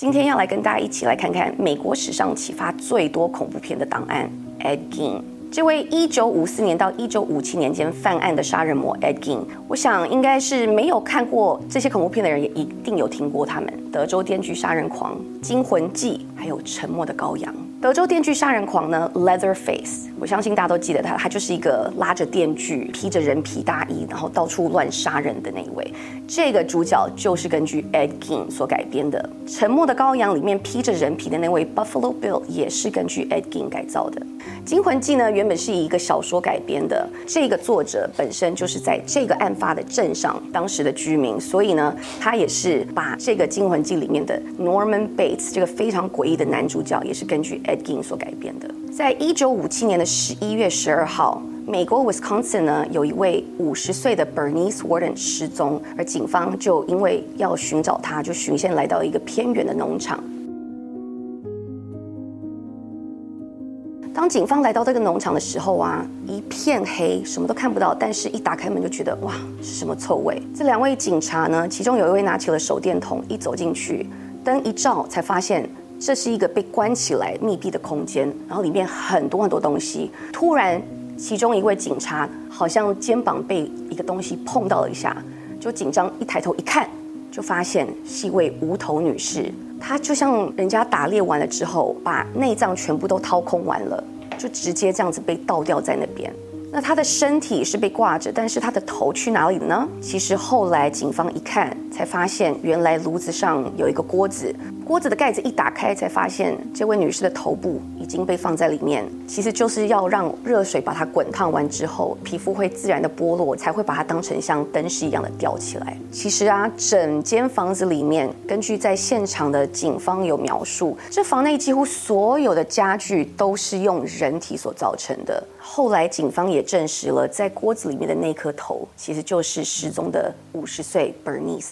今天要來跟大家一起來看看美國史上啟發最多恐怖片的檔案，Ed Gein。這位1954年到1957年間犯案的殺人魔，Ed Gein，我想應該是沒有看過這些恐怖片的人也一定有聽過他們，《德州電鋸殺人狂》、《驚魂記》還有《沉默的羔羊》。德州電鋸殺人狂呢，Leatherface，我相信大家都記得他，他就是一個拉着電鋸、披着人皮大衣，然後到處亂殺人的那一位。這個主角就是根據 Ed Gein 所改編的。《沉默的羔羊》裡面披着人皮的那位 Buffalo Bill 也是根據 Ed Gein 改造的。《驚魂記》呢，原本是以一個小說改編的，這個作者本身就是在這個案發的鎮上當時的居民，所以呢，他也是把這個《驚魂記》裡面的 Norman Bates 這個非常詭異的男主角也是根據 Ed 所改編的。在一九五七年的十一月十二號，美國 Wisconsin 呢有一位五十歲的 Bernice Warden 失蹤，而警方就因為要尋找他，就循線，來到一個偏遠的農場。當警方來到這個農場的時候啊，一片黑，什麼都看不到，但是一打開門就覺得哇，是什麼臭味？這兩位警察呢，其中有一位拿起了手電筒，一走進去，燈一照，才發現。這是一個被關起來密閉的空間，然後裡面很多很多東西。突然，其中一位警察好像肩膀被一個東西碰到了一下，就緊張一抬頭一看，就發現是一位無頭女士。她就像人家打獵完了之後，把內臟全部都掏空完了，就直接這樣子被倒吊在那邊。那她的身體是被掛着，但是她的頭去哪裡了呢？其實後來警方一看。才發現原來爐子上有一個鍋子，鍋子的蓋子一打開，才發現這位女士的頭部已經被放在裡面。其實就是要讓熱水把它滾燙完之後，皮膚會自然的剝落，才會把它當成像燈飾一樣的吊起來。其實啊，整間房子裡面，根據在現場的警方有描述，這房內幾乎所有的家具都是用人體所造成的。後來警方也證實了，在鍋子裡面的那顆頭，其實就是失蹤的五十歲 Bernice。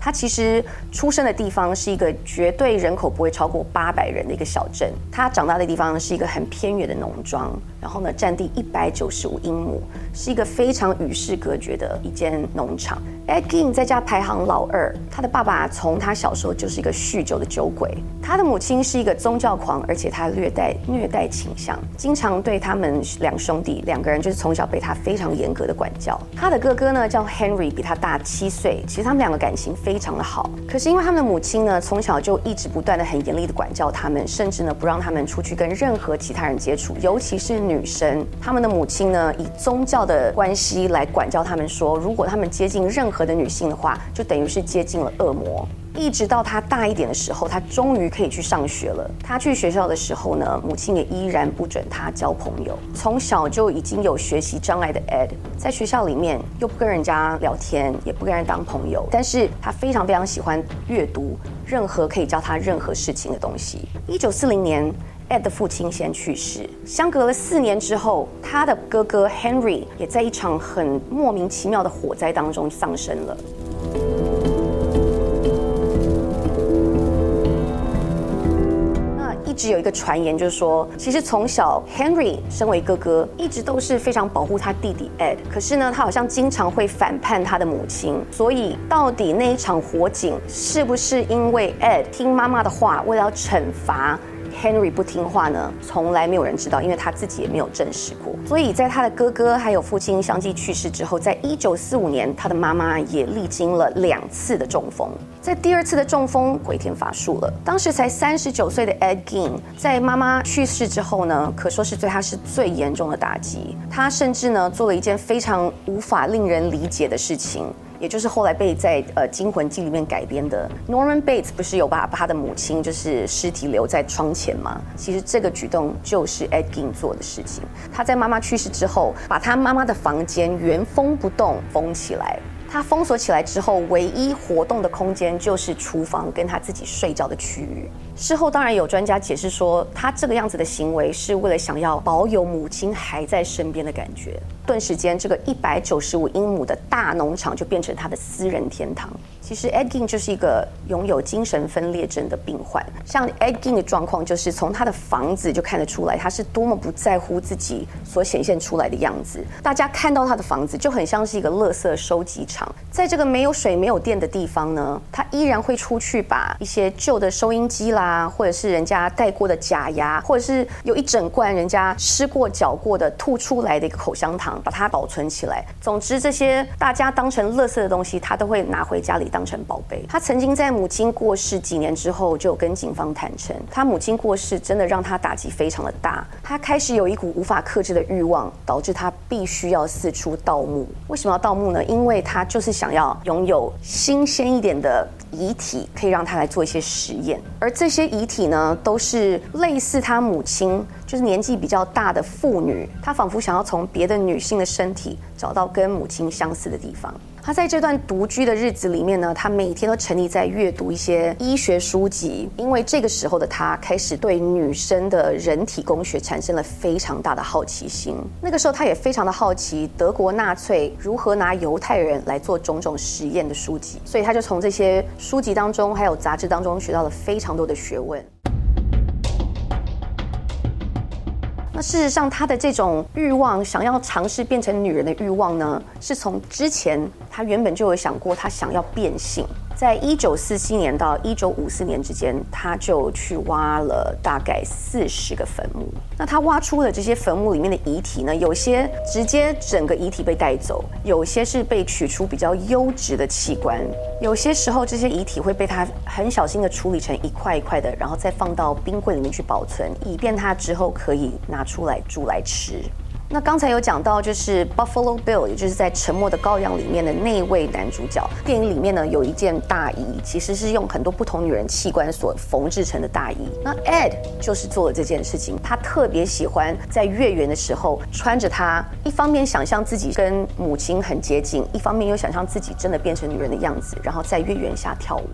他其實出生的地方是一個絕對人口不會超過八百人的一個小鎮，他長大的地方是一個很偏遠的農莊，然後呢，占地一百九十五英畝，是一個非常與世隔絕的一間農場。Ed Gein 在家排行老二，他的爸爸從他小時候就是一個酗酒的酒鬼，他的母親是一個宗教狂，而且他略帶虐待傾向，經常對他們兩兄弟兩個人，就是從小被他非常嚴格的管教。他的哥哥呢叫 Henry，比他大七歲，其實他們兩個感情非。非常的好，可是因為他們的母親呢，從小就一直不斷的很嚴厲的管教他們，甚至呢不讓他們出去跟任何其他人接觸，尤其是女生。他們的母親呢以宗教的關係來管教他們說，說如果他們接近任何的女性的話，就等於是接近了惡魔。一直到他大一點的時候，他終於可以去上學了。他去學校的時候呢，母親也依然不准他交朋友。從小就已經有學習障礙的 Ed，在學校裡面又不跟人家聊天，也不跟人當朋友。但是他非常非常喜歡閱讀，任何可以教他任何事情的東西。一九四零年，Ed 的父親先去世。相隔了四年之後，他的哥哥 Henry 也在一場很莫名其妙的火災當中喪生了。是有一個傳言，就是說，其實從小 Henry 身為哥哥，一直都是非常保護他弟弟 Ed。可是呢，他好像經常會反叛他的母親。所以，到底那一場火警是不是因為 Ed 聽媽媽的話，為了要懲罰？Henry 不聽話呢，從來沒有人知道，因為他自己也沒有證實過。所以在他的哥哥還有父親相繼去世之後，在一九四五年，他的媽媽也歷經了兩次的中風，在第二次的中風回天乏術了。當時才三十九歲的 Ed Gein，在媽媽去世之後呢，可說是對他是最嚴重的打擊。他甚至呢，做了一件非常無法令人理解的事情。也就是後來被在呃《驚魂記》裡面改編的，Norman Bates 不是有把他的母親就是屍體留在窗前嗎？其實這個舉動就是 Ed Gein 做的事情。他在媽媽去世之後，把他媽媽的房間原封不動，封起來。他封鎖起來之後，唯一活動的空間就是廚房跟他自己睡覺的區域。事後當然有專家解釋說，他這個樣子的行為是為了想要保有母親還在身邊的感覺。頓時間，這個一百九十五英畝的大農場就變成他的私人天堂。其實 Ed Gein 就是一個擁有精神分裂症的病患，像 Ed Gein 的狀況，就是從他的房子就看得出來，他是多麼不在乎自己所顯現出來的樣子。大家看到他的房子，就很像是一個垃圾收集場。在這個沒有水、沒有電的地方呢，他依然會出去把一些舊的收音機啦，或者是人家帶過的假牙，或者是有一整罐人家吃過、嚼過的吐出來的一個口香糖，把它保存起來。總之，這些大家當成垃圾的東西，他都會拿回家裡當。當成寶貝。他曾經在母親過世幾年之後，就跟警方坦承，他母親過世真的讓他打擊非常的大。他開始有一股無法克制的慾望，導致他必須要四處盜墓。為什麼要盜墓呢？因為他就是想要擁有新鮮一點的遺體，可以讓他來做一些實驗。而這些遺體呢，都是類似他母親，就是年紀比較大的婦女。她仿佛想要從別的女性的身體，找到跟母親相似的地方。他在這段獨居的日子裡面呢，他每天都沉溺在閱讀一些醫學書籍，因為這個時候的他開始對女生的人體工學產生了非常大的好奇心。那個時候他也非常的好奇德國納粹如何拿猶太人來做種種實驗的書籍，所以他就從這些書籍當中還有雜誌當中學到了非常多的學問。事實上，他的這種慾望，想要嘗試變成女人的慾望呢，是從之前他原本就有想過，他想要變性。在一九四七年到一九五四年之間，他就去挖了大概四十個墳墓。那他挖出的這些墳墓裡面的遺體呢，有些直接整個遺體被帶走，有些是被取出比較優質的器官，有些時候這些遺體會被他很小心的處理成一塊一塊的，然後再放到冰櫃裡面去保存，以便他之後可以拿出來煮來吃。那剛才有講到，就是 Buffalo Bill，也就是在《沉默的羔羊》裡面的那一位男主角。電影裡面呢，有一件大衣，其實是用很多不同女人器官所縫制成的大衣。那 Ed 就是做了這件事情。他特別喜歡在月圓的時候穿着它，一方面想象自己跟母親很接近，一方面又想象自己真的變成女人的樣子，然後在月圓下跳舞。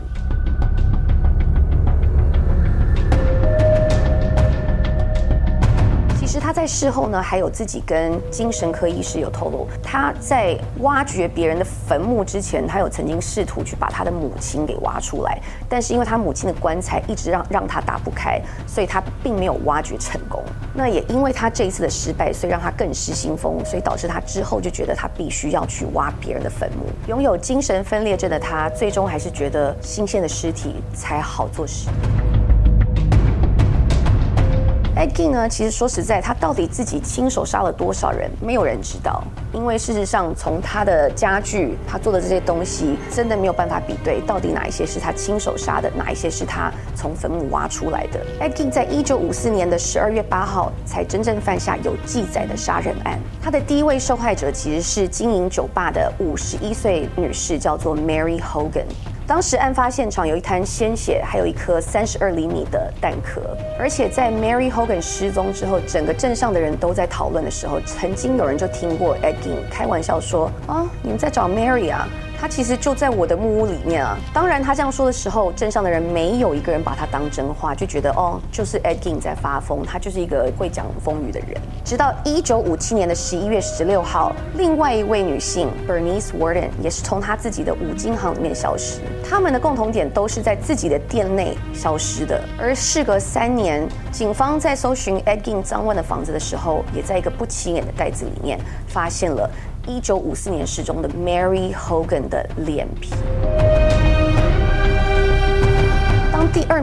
其實他在事後呢，還有自己跟精神科醫師有透露，他在挖掘別人的墳墓之前，他有曾經試圖去把他的母親給挖出來，但是因為他母親的棺材一直讓讓他打不開，所以他並沒有挖掘成功。那也因為他這一次的失敗，所以讓他更失心瘋，所以導致他之後就覺得他必須要去挖別人的墳墓。擁有精神分裂症的他，最終還是覺得新鮮的屍體才好做事。Ed Gein 呢，其實說實在，他到底自己親手殺了多少人，沒有人知道。因為事實上，從他的家具，他做的這些東西，真的沒有辦法比對，到底哪一些是他親手殺的，哪一些是他從墳墓挖出來的。Ed Gein 在一九五四年的十二月八號才真正犯下有記載的殺人案。他的第一位受害者其實是經營酒吧的五十一歲女士，叫做 Mary Hogan。當時案發現場有一灘鮮血，還有一顆三十二釐米的彈殼。而且在 Mary Hogan 失蹤之後，整個鎮上的人都在討論的時候，曾經有人就聽過 Ed Gein 開玩笑說：“啊、哦，你們在找 Mary 啊。”他其實就在我的木屋裡面啊！當然，他這樣說的時候，鎮上的人沒有一個人把他當真話，就覺得哦，就是 Ed Gein 在發瘋，他就是一個會講瘋語的人。直到1957年的11月16號，另外一位女性 Bernice Worden 也是從她自己的五金行裡面消失。他們的共同點都是在自己的店內消失的。而事隔三年，警方在搜尋 Ed Gein 髒亂的房子的時候，也在一個不起眼的袋子裡面發現了。一九五四年失蹤的 Mary Hogan 的臉皮。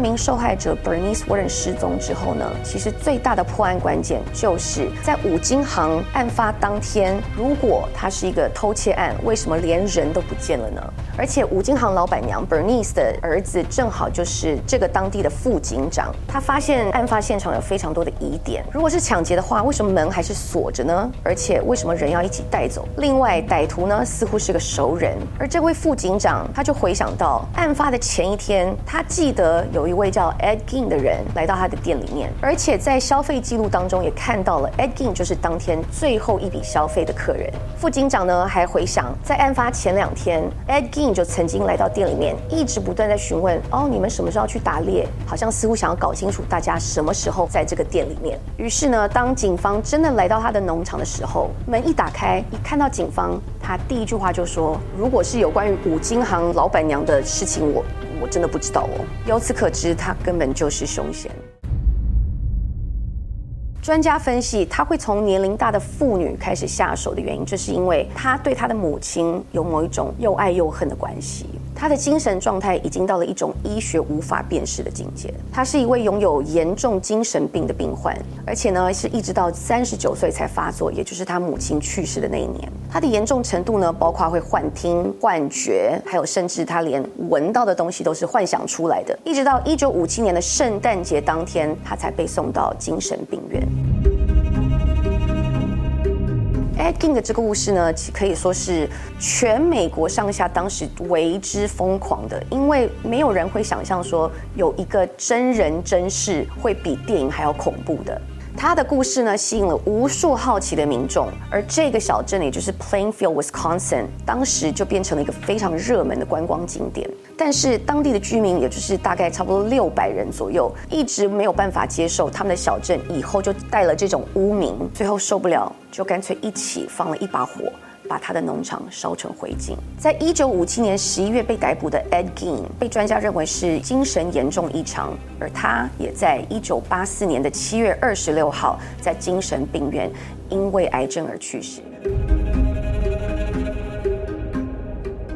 名受害者 Bernice Worden 失蹤之後呢，其實最大的破案關鍵就是在五金行案發當天。如果他是一個偷竊案，為什麼連人都不見了呢？而且五金行老闆娘 Bernice 的兒子正好就是這個當地的副警長。他發現案發現場有非常多的疑點。如果是搶劫的話，為什麼門還是鎖着呢？而且為什麼人要一起帶走？另外，歹徒呢似乎是個熟人，而這位副警長他就回想到案發的前一天，他記得有一。一位叫 Ed Gein 的人來到他的店裡面，而且在消費記錄當中也看到了 Ed Gein 就是當天最後一筆消費的客人。副警長呢還回想，在案發前兩天，Ed Gein 就曾經來到店裡面，一直不斷在詢問：“哦，你們什麼時候要去打獵？”好像似乎想要搞清楚大家什麼時候在這個店裡面。於是呢，當警方真的來到他的農場的時候，門一打開，一看到警方，他第一句話就說：“如果是有關於五金行老闆娘的事情，我……”我真的不知道哦。由此可知，他根本就是兇嫌。專家分析，他會從年齡大的婦女開始下手的原因，就是因為他對他的母親有某一種又愛又恨的關係。他的精神狀態已經到了一種醫學無法辨識的境界。他是一位擁有嚴重精神病的病患，而且呢，是一直到三十九歲才發作，也就是他母親去世的那一年。他的嚴重程度呢，包括會幻聽、幻覺，還有甚至他連聞到的東西都是幻想出來的。一直到一九五七年的聖誕節當天，他才被送到精神病院。Ed Gein 的這個故事呢，可以說是全美國上下當時為之瘋狂的，因為沒有人會想象說有一個真人真事會比電影還要恐怖的。他的故事呢，吸引了無數好奇的民眾，而這個小鎮也就是 Plainfield, Wisconsin，當時就變成了一個非常熱門的觀光景點。但是當地的居民，也就是大概差不多六百人左右，一直沒有辦法接受他們的小鎮，以後就帶了這種污名，最後受不了，就乾脆一起放了一把火。把他的農場燒成灰燼。在一九五七年十一月被逮捕的 Ed Gein，被專家認為是精神嚴重異常，而他也在一九八四年的七月二十六號在精神病院因為癌症而去世。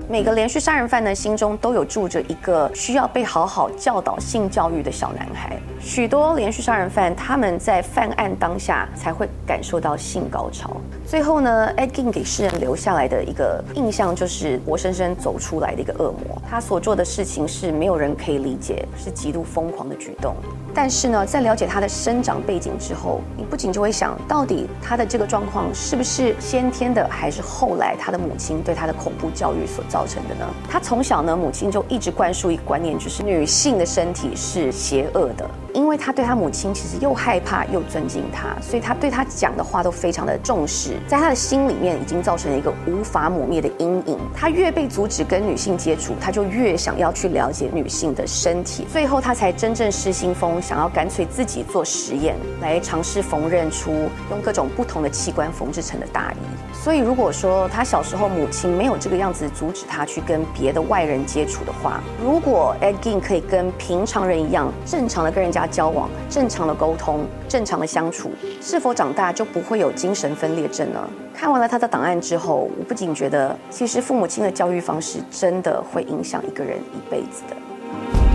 每個連續殺人犯呢，心中都有住着一個需要被好好教導性教育的小男孩。許多連續殺人犯，他們在犯案當下才會感受到性高潮。最後呢，Ed Gein 給世人留下來的一個印象，就是活生生走出來的一個惡魔。他所做的事情是沒有人可以理解，是極度瘋狂的舉動。但是呢，在了解他的生長背景之後，你不僅就會想到底他的這個狀況是不是先天的，還是後來他的母親對他的恐怖教育所造。造成的呢？他從小呢，母親就一直灌輸一個觀念，就是女性的身體是邪惡的。因為他對他母親其實又害怕又尊敬他，所以他對他講的話都非常的重視，在他的心裡面已經造成了一個無法抹滅的陰影。他越被阻止跟女性接觸，他就越想要去了解女性的身體，最後他才真正失心瘋，想要乾脆自己做實驗來嘗試縫紉出用各種不同的器官縫制成的大衣。所以如果說他小時候母親沒有這個樣子阻止他去跟別的外人接觸的話，如果 Ed Gein 可以跟平常人一樣正常的跟人家。交往、正常的溝通、正常的相處，是否長大就不會有精神分裂症呢？看完了他的檔案之後，我不僅覺得，其實父母親的教育方式真的會影響一個人一輩子的。